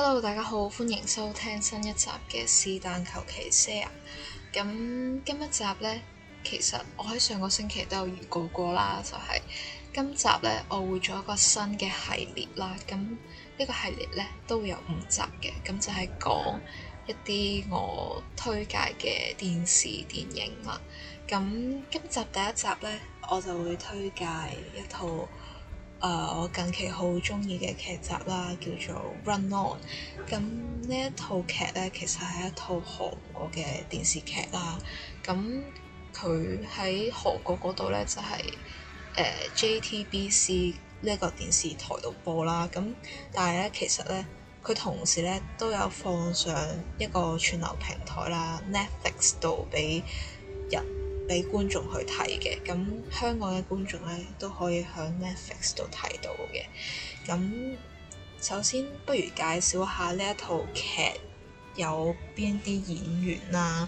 Hello，大家好，歡迎收聽新一集嘅是但求其 share 咁今一集呢，其實我喺上個星期都有預告過啦，就係、是、今集呢，我會做一個新嘅系列啦。咁呢、這個系列呢，都會有五集嘅，咁就係講一啲我推介嘅電視電影啦。咁今集第一集呢，我就會推介一套。誒，uh, 我近期好中意嘅劇集啦，叫做《Run On》。咁呢一套劇呢，其實係一套韓國嘅電視劇啦。咁佢喺韓國嗰度呢，就係、是、誒、呃、JTBC 呢個電視台度播啦。咁但係呢，其實呢，佢同時呢，都有放上一個串流平台啦 Netflix 度俾人。俾觀眾去睇嘅，咁香港嘅觀眾咧都可以喺 Netflix 度睇到嘅。咁首先，不如介紹下呢一套劇有邊啲演員啦，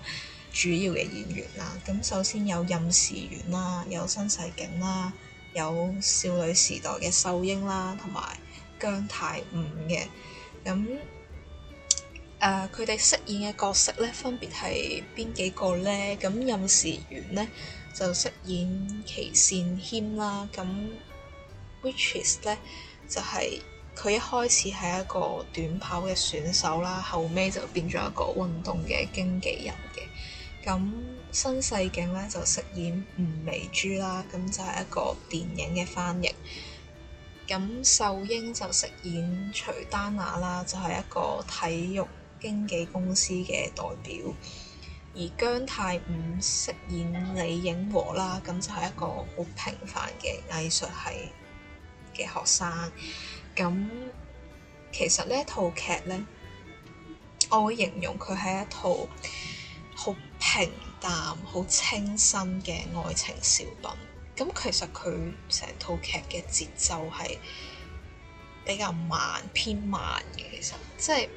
主要嘅演員啦。咁首先有任時完啦，有申世景啦，有少女時代嘅秀英啦，同埋姜泰伍嘅。咁佢哋、呃、飾演嘅角色咧，分別係邊幾個呢？咁任時完咧就飾演祁善謙啦。咁，Witches 咧就係、是、佢一開始係一個短跑嘅選手啦，後尾就變咗一個運動嘅經紀人嘅。咁新世景咧就飾演吳美珠啦，咁就係一個電影嘅翻譯。咁秀英就飾演徐丹娜啦，就係、是、一個體育經紀公司嘅代表，而姜泰伍飾演李影和啦，咁就係一個好平凡嘅藝術系嘅學生。咁其實呢一套劇咧，我會形容佢係一套好平淡、好清新嘅愛情小品。咁其實，佢成套劇嘅節奏係比較慢、偏慢嘅，其實即係。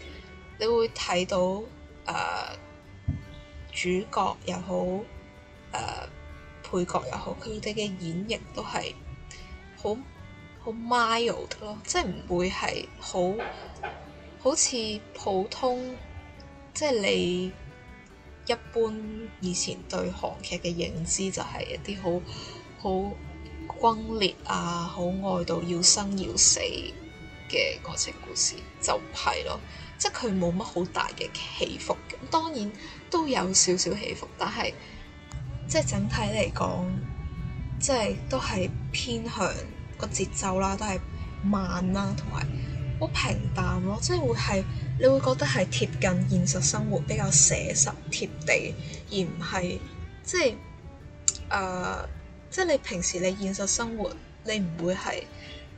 你會睇到誒、呃、主角又好誒、呃、配角又好，佢哋嘅演繹都係好好 mild 咯，即係唔會係好好似普通即係你一般以前對韓劇嘅認知就係一啲好好轟烈啊，好愛到要生要死嘅愛情故事，就唔係咯。即係佢冇乜好大嘅起伏，咁當然都有少少起伏，但係即係整體嚟講，即係都係偏向個節奏啦，都係慢啦，同埋好平淡咯，即係會係你會覺得係貼近現實生活，比較寫實貼地，而唔係即係誒，即係、呃、你平時你現實生活你唔會係。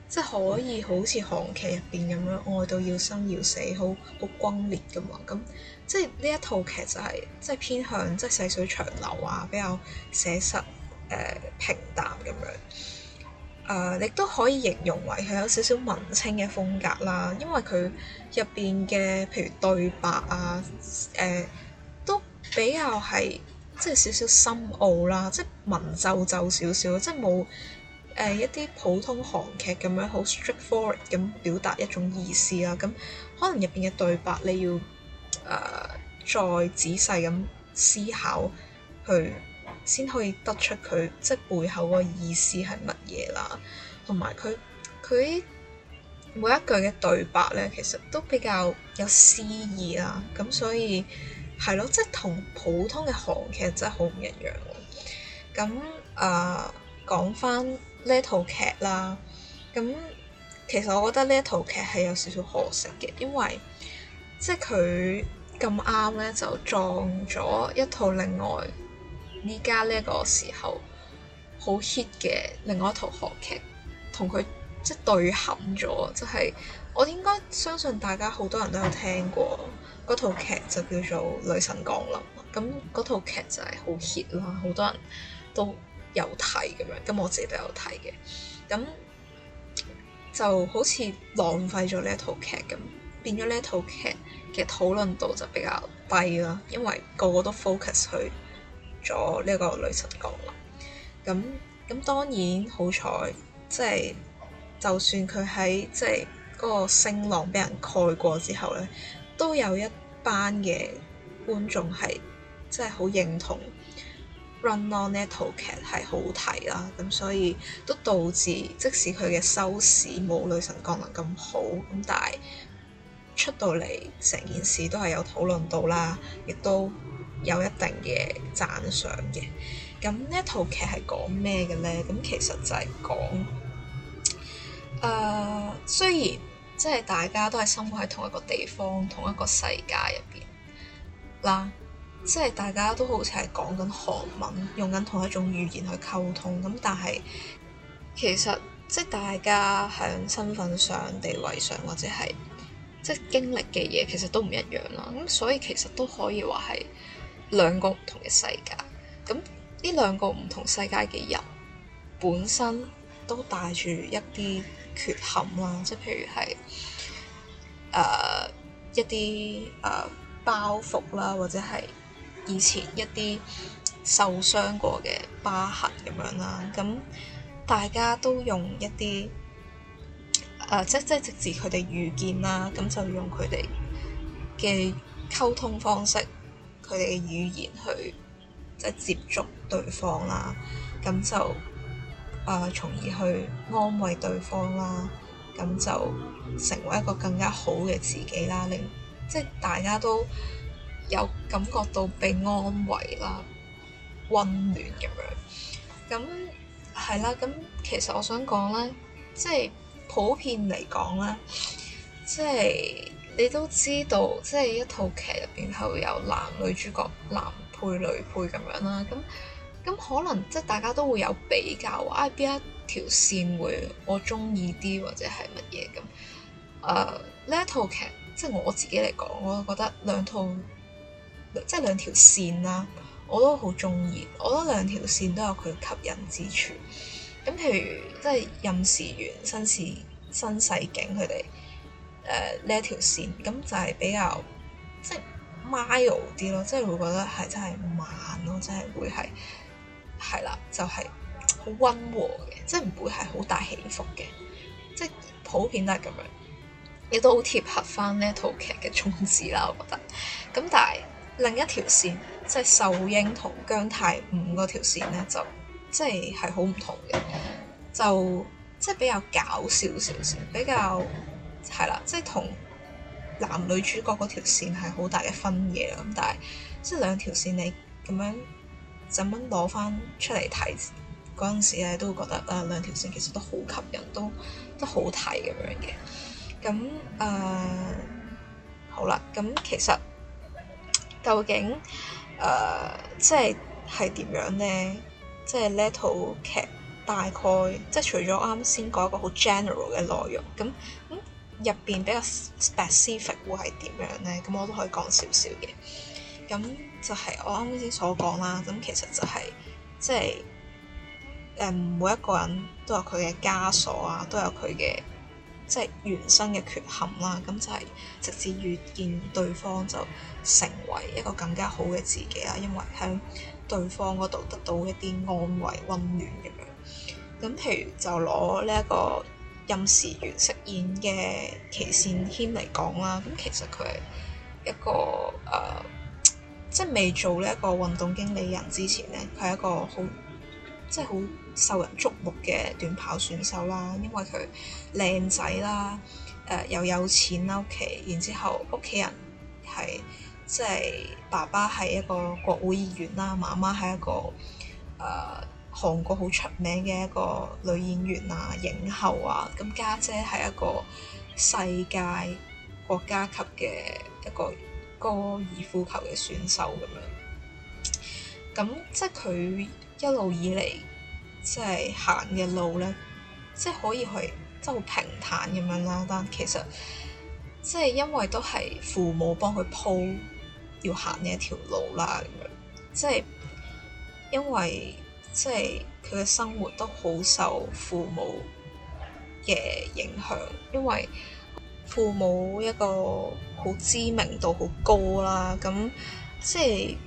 即係可以好似韓劇入邊咁樣愛到要生要死，好好轟烈噶嘛。咁即係呢一套劇就係、是、即係偏向即係細水長流啊，比較寫實誒、呃、平淡咁樣。誒、呃，亦都可以形容為佢有少少文青嘅風格啦，因為佢入邊嘅譬如對白啊誒、呃，都比較係即係少少深奧啦，即係文皺皺少、少少，即係冇。誒、呃、一啲普通韓劇咁樣好 straightforward 咁表達一種意思啦，咁、啊、可能入邊嘅對白你要誒、呃、再仔細咁思考去，去先可以得出佢即係背後個意思係乜嘢啦。同埋佢佢每一句嘅對白咧，其實都比較有詩意啦。咁、啊、所以係咯，即係同普通嘅韓劇真係好唔一樣喎。咁誒講翻。呢套劇啦，咁其實我覺得呢一套劇係有少少可惜嘅，因為即係佢咁啱咧就撞咗一套另外依家呢一個時候好 hit 嘅另外一套韓劇，同佢即係對撼咗，即係、就是、我應該相信大家好多人都有聽過嗰套劇就叫做《女神降臨》咁嗰套劇就係好 hit 啦，好多人都有睇咁樣，咁我自己都有睇嘅，咁就好似浪費咗呢一套劇咁，變咗呢一套劇嘅討論度就比較低啦，因為個個都 focus 去咗呢個女神降臨。咁咁當然好彩，即係就算佢喺即係嗰個聲浪俾人蓋過之後咧，都有一班嘅觀眾係真係好認同。Run on 呢一套劇係好睇啦，咁所以都導致即使佢嘅收視冇女神降臨咁好，咁但係出到嚟成件事都係有討論到啦，亦都有一定嘅讚賞嘅。咁呢一套劇係講咩嘅呢？咁其實就係講誒，雖然即係大家都係生活喺同一個地方、同一個世界入邊啦。即係大家都好似係講緊韓文，用緊同一種語言去溝通咁，但係其實即係大家喺身份上、地位上或者係即係經歷嘅嘢，其實都唔一樣啦。咁所以其實都可以話係兩個唔同嘅世界。咁呢兩個唔同世界嘅人本身都帶住一啲缺陷啦，即係譬如係誒、呃、一啲誒、呃、包袱啦，或者係。以前一啲受傷過嘅疤痕咁樣啦，咁大家都用一啲誒、呃，即即直至佢哋遇見啦，咁就用佢哋嘅溝通方式，佢哋嘅語言去即接觸對方啦，咁就誒、呃、從而去安慰對方啦，咁就成為一個更加好嘅自己啦，令即大家都。有感覺到被安慰啦，溫暖咁樣咁係啦。咁其實我想講呢，即係普遍嚟講呢，即係你都知道，即係一套劇入邊係會有男女主角男配女配咁樣啦。咁咁可能即係大家都會有比較，係邊一條線會我中意啲，或者係乜嘢咁？誒呢一套劇即係我自己嚟講，我覺得兩套。即係兩條線啦，我都好中意，我覺得兩條線都有佢吸引之處。咁譬如即係任時完、申世、申世景佢哋誒呢一條線，咁就係比較即係 mild 啲咯，即係會覺得係真係慢咯，即係會係係啦，就係、是、好溫和嘅，即係唔會係好大起伏嘅，即係普遍都係咁樣，亦都好貼合翻呢一套劇嘅宗旨啦，我覺得。咁但係。另一條線即係秀英同姜泰五嗰條線咧，就即係係好唔同嘅，就即係比較搞笑少少，比較係啦，即係同男女主角嗰條線係好大嘅分野啦。咁但係即係兩條線你咁樣咁樣攞翻出嚟睇嗰陣時咧，都會覺得啊、呃、兩條線其實都好吸引，都都好睇咁樣嘅。咁誒、呃、好啦，咁其實。究竟誒、呃，即係係點樣呢？即係呢套劇大概即係除咗啱先講一個好 general 嘅內容，咁咁入邊比較 specific 會係點樣呢？咁我都可以講少少嘅。咁就係我啱先所講啦。咁其實就係、是、即係誒、嗯，每一個人都有佢嘅枷鎖啊，都有佢嘅。即係原生嘅缺陷啦，咁就係直至遇見對方就成為一個更加好嘅自己啦，因為喺對方嗰度得到一啲安慰、温暖咁樣。咁譬如就攞呢一個任時完飾演嘅祁善謙嚟講啦，咁其實佢係一個誒、呃，即係未做呢一個運動經理人之前咧，佢係一個好。即係好受人注目嘅短跑選手啦，因為佢靚仔啦，誒、呃、又有錢啦屋企，然之後屋企人係即係爸爸係一個國會議員啦，媽媽係一個誒韓、呃、國好出名嘅一個女演員啊，影后啊，咁家姐係一個世界國家級嘅一個高爾夫球嘅選手咁樣，咁即係佢。一路以嚟，即係行嘅路咧，即係可以去，即係好平坦咁樣啦。但其實，即係因為都係父母幫佢鋪要行嘅一條路啦。咁樣，即係因為即係佢嘅生活都好受父母嘅影響，因為父母一個好知名度好高啦。咁即係。就是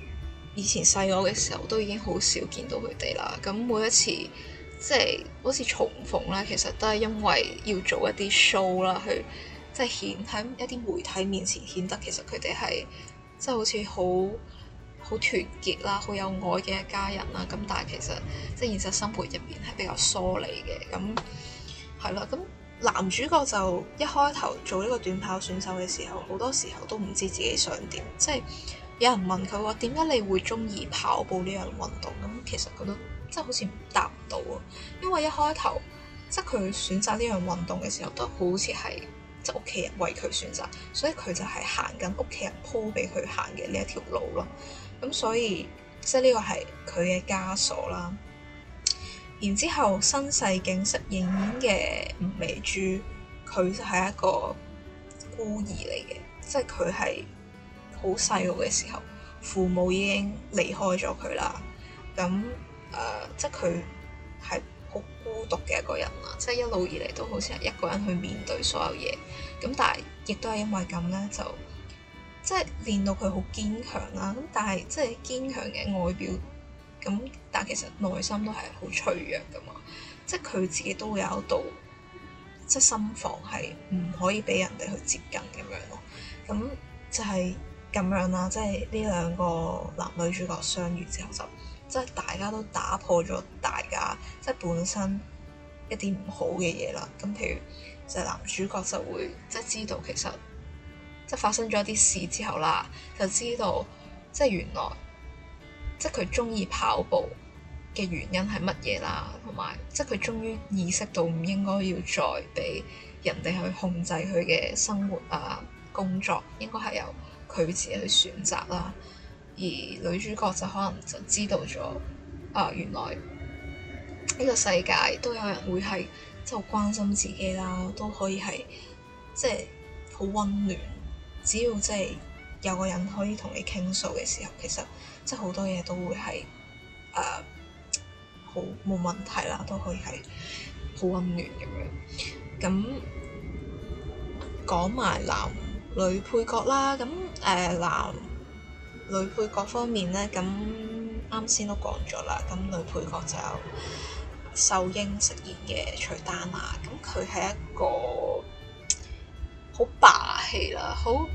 以前細個嘅時候都已經好少見到佢哋啦，咁每一次即係好似重逢啦，其實都係因為要做一啲 show 啦，去即係顯喺一啲媒體面前顯得其實佢哋係即係好似好好團結啦，好有愛嘅一家人啦。咁但係其實即係現實生活入面係比較疏離嘅，咁係啦。咁男主角就一開頭做呢個短跑選手嘅時候，好多時候都唔知自己想點，即係。有人問佢話點解你會中意跑步呢樣運動？咁其實佢都即係好似答唔到啊，因為一開頭即係佢選擇呢樣運動嘅時候，都好似係即係屋企人為佢選擇，所以佢就係行緊屋企人鋪俾佢行嘅呢一條路咯。咁所以即係呢個係佢嘅枷鎖啦。然之後申世景飾演嘅吳美珠，佢就係一個孤兒嚟嘅，即係佢係。好細個嘅時候，父母已經離開咗佢啦。咁誒、呃，即係佢係好孤獨嘅一個人啦。即係一路以嚟都好似係一個人去面對所有嘢。咁但係亦都係因為咁咧，就即係練到佢好堅強啦。咁但係即係堅強嘅外表，咁但係其實內心都係好脆弱噶嘛。即係佢自己都會有一道即心房係唔可以俾人哋去接近咁樣咯。咁就係、是。咁樣啦，即係呢兩個男女主角相遇之後，就即係大家都打破咗大家即係本身一啲唔好嘅嘢啦。咁譬如就係男主角就會即係知道其實即係發生咗一啲事之後啦，就知道即係原來即係佢中意跑步嘅原因係乜嘢啦，同埋即係佢終於意識到唔應該要再俾人哋去控制佢嘅生活啊、工作，應該係有。佢自己去選擇啦，而女主角就可能就知道咗，啊、呃、原來呢個世界都有人會係就是、關心自己啦，都可以係即係好温暖。只要即係有個人可以同你傾訴嘅時候，其實即係好多嘢都會係啊，好、呃、冇問題啦，都可以係好温暖咁樣。咁講埋男。女配角啦，咁誒男女配角方面咧，咁啱先都講咗啦，咁女配角就有秀英飾演嘅徐丹娜，咁佢係一個好霸氣啦，好誒，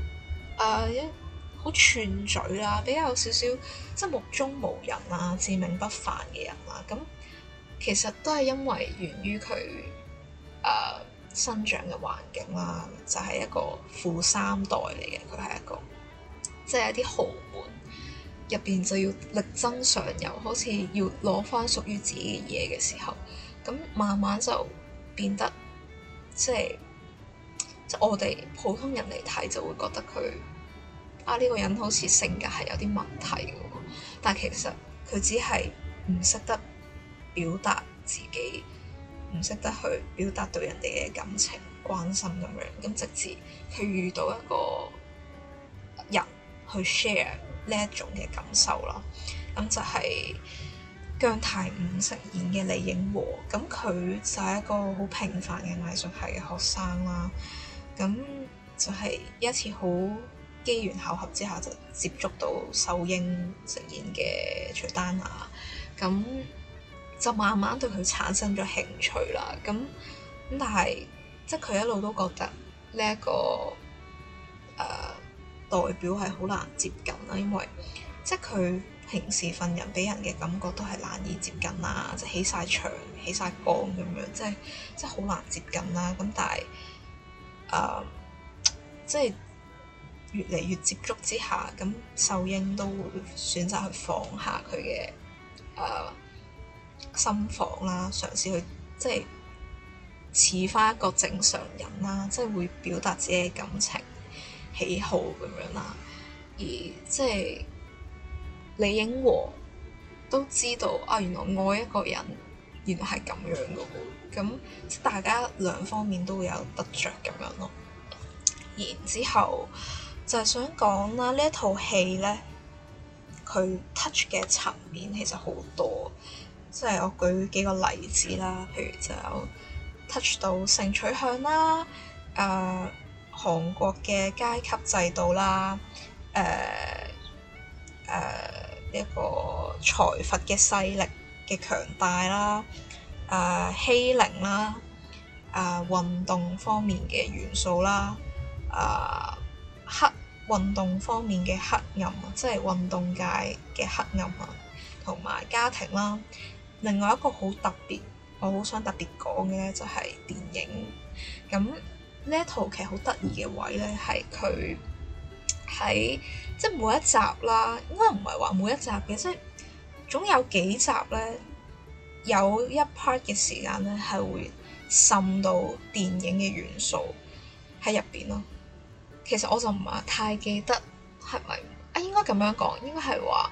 好、呃、串嘴啦，比較少少即係目中無人啊，自命不凡嘅人啊，咁其實都係因為源於佢誒。呃生長嘅環境啦，就係、是、一個富三代嚟嘅，佢係一個即係一啲豪門入邊就要力爭上游，好似要攞翻屬於自己嘅嘢嘅時候，咁慢慢就變得即係即係我哋普通人嚟睇就會覺得佢啊呢、這個人好似性格係有啲問題嘅，但其實佢只係唔識得表達自己。唔識得去表達到人哋嘅感情、關心咁樣，咁直至佢遇到一個人去 share 呢一種嘅感受啦，咁就係姜泰伍飾演嘅李映和，咁佢就係一個好平凡嘅藝術系嘅學生啦，咁就係一次好機緣巧合之下就接觸到秀英飾演嘅徐丹娜，咁。就慢慢對佢產生咗興趣啦。咁咁，但係即係佢一路都覺得呢、這、一個誒、呃、代表係好難接近啦，因為即係佢平時份人俾人嘅感覺都係難以接近啦，即係起晒牆、起晒光咁樣，即係即係好難接近啦。咁但係誒、呃，即係越嚟越接觸之下，咁秀英都會選擇去放下佢嘅誒。呃心房啦，嘗試去即係似返一個正常人啦，即係會表達自己嘅感情喜好咁樣啦。而即係李影和都知道啊，原來愛一個人，原來係咁樣嘅喎。咁、嗯、即係大家兩方面都會有得着咁樣咯。然之後就係、是、想講啦，一呢一套戲咧，佢 touch 嘅層面其實好多。即係我舉幾個例子啦，譬如就有 touch 到性取向啦，誒、呃、韓國嘅階級制度啦，誒誒一個財閥嘅勢力嘅強大啦，誒、呃、欺凌啦，誒、呃、運動方面嘅元素啦，誒、呃、黑運動方面嘅黑暗，即係運動界嘅黑暗啊，同埋家庭啦。另外一個好特別，我好想特別講嘅咧，就係、是、電影。咁呢一套劇好得意嘅位咧，係佢喺即係每一集啦，應該唔係話每一集嘅，即係總有幾集咧有一 part 嘅時間咧，係會滲到電影嘅元素喺入邊咯。其實我就唔係太記得係咪啊，應該咁樣講，應該係話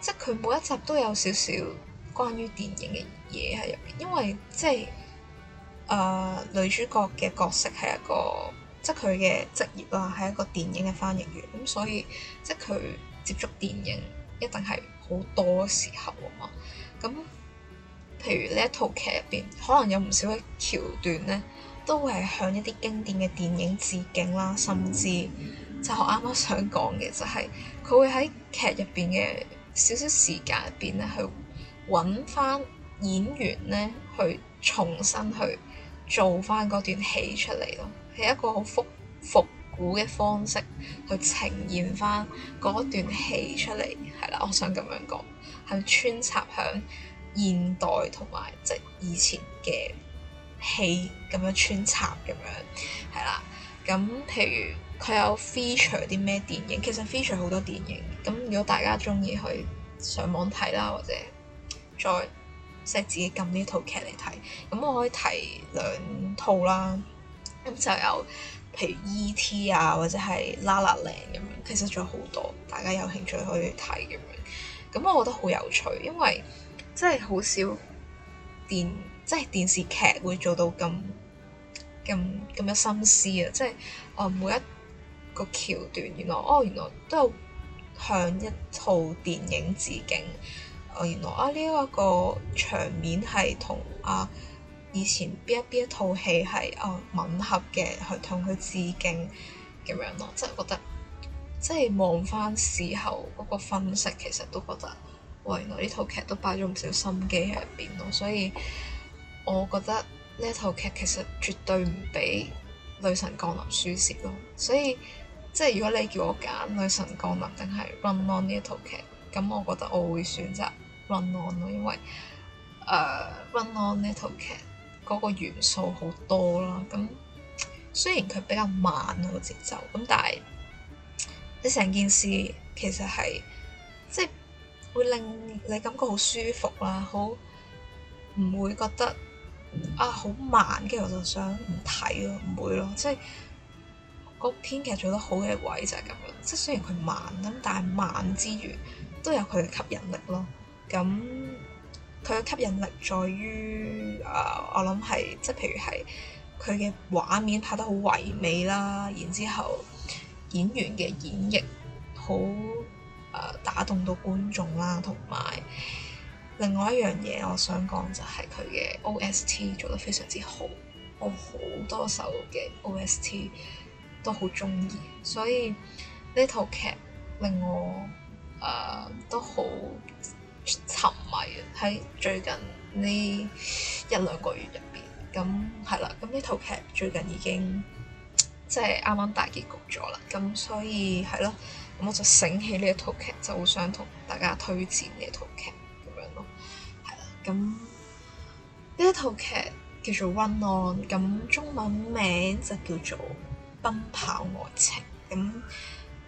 即係佢每一集都有少少。關於電影嘅嘢喺入邊，因為即係，誒、呃、女主角嘅角色係一個，即係佢嘅職業啦，係一個電影嘅翻譯員，咁所以即係佢接觸電影一定係好多時候啊嘛。咁，譬如呢一套劇入邊，可能有唔少嘅橋段咧，都會係向一啲經典嘅電影致敬啦，甚至就我啱啱想講嘅就係、是，佢會喺劇入邊嘅少少時間入邊咧去。揾翻演員咧去重新去做翻嗰段戲出嚟咯，係一個好復復古嘅方式去呈現翻嗰段戲出嚟，係啦，我想咁樣講，係穿插響現代同埋即以前嘅戲咁樣穿插咁樣，係啦，咁譬如佢有 feature 啲咩電影，其實 feature 好多電影，咁如果大家中意去上網睇啦，或者。再即係自己撳呢套劇嚟睇，咁我可以提兩套啦。咁就有譬如 E.T. 啊，或者係《La La Land》咁樣，其實仲有好多，大家有興趣可以睇咁樣。咁我覺得好有趣，因為真係好少電，即係電視劇會做到咁咁咁有心思啊！即係我每一個橋段，原來哦，原來都有向一套電影致敬。我原來啊，呢、這、一個場面係同啊以前邊一邊一套戲係、啊、吻合嘅，去同佢致敬咁樣咯。即係覺得即係望翻事後嗰個分析，其實都覺得哇！原來呢套劇都擺咗唔少心機喺入邊咯。所以我覺得呢套劇其實絕對唔畀女神降臨輸蝕咯。所以即係如果你叫我揀女神降臨定係 Run On 呢一套劇，咁我覺得我會選擇。Run On 咯，因為誒、uh, Run On 呢套劇嗰個元素好多啦。咁雖然佢比較慢個節奏，咁但係你成件事其實係即係會令你感覺好舒服啦，好唔會覺得啊好慢，跟住我就想唔睇咯，唔會咯。即係個編劇做得好嘅位就係咁樣，即係雖然佢慢咁，但係慢之餘都有佢嘅吸引力咯。咁佢嘅吸引力在於啊、呃，我諗係即係，譬如係佢嘅畫面拍得好唯美啦，然之後演員嘅演繹好、呃、打動到觀眾啦，同埋另外一樣嘢，我想講就係佢嘅 OST 做得非常之好，我好多首嘅 OST 都好中意，所以呢套劇令我、呃、都好沉迷喺最近呢一兩個月入邊，咁係啦，咁呢套劇最近已經即係啱啱大結局咗啦，咁所以係咯，咁我就醒起呢一套劇，就好想同大家推薦呢一套劇咁樣咯，係啦，咁呢一套劇叫做《Run On》。咁中文名就叫做《奔跑愛情》，咁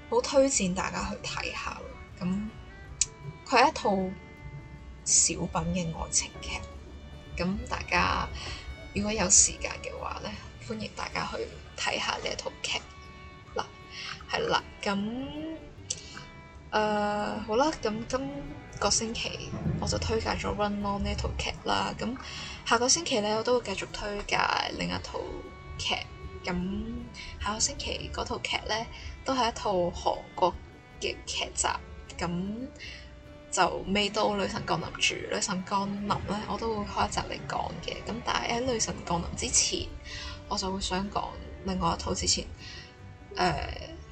好推薦大家去睇下咯，咁佢係一套小品嘅愛情劇，咁大家如果有時間嘅話呢，歡迎大家去睇下呢一套劇。嗱，係啦，咁誒、呃、好啦，咁今個星期我就推介咗《Run On》呢一套劇啦。咁下個星期呢，我都會繼續推介另一套劇。咁下個星期嗰套劇呢，都係一套韓國嘅劇集。咁就未到女神降臨住，女神降臨咧，我都會開一集嚟講嘅。咁但係喺女神降臨之前，我就會想講另外一套之前誒、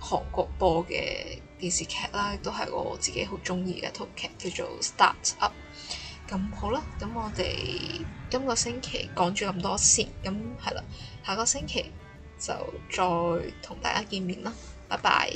韓國播嘅電視劇啦，亦都係我自己好中意嘅一套劇，叫做《Start Up》。咁好啦，咁我哋今個星期講住咁多先，咁係啦，下個星期就再同大家見面啦，拜拜。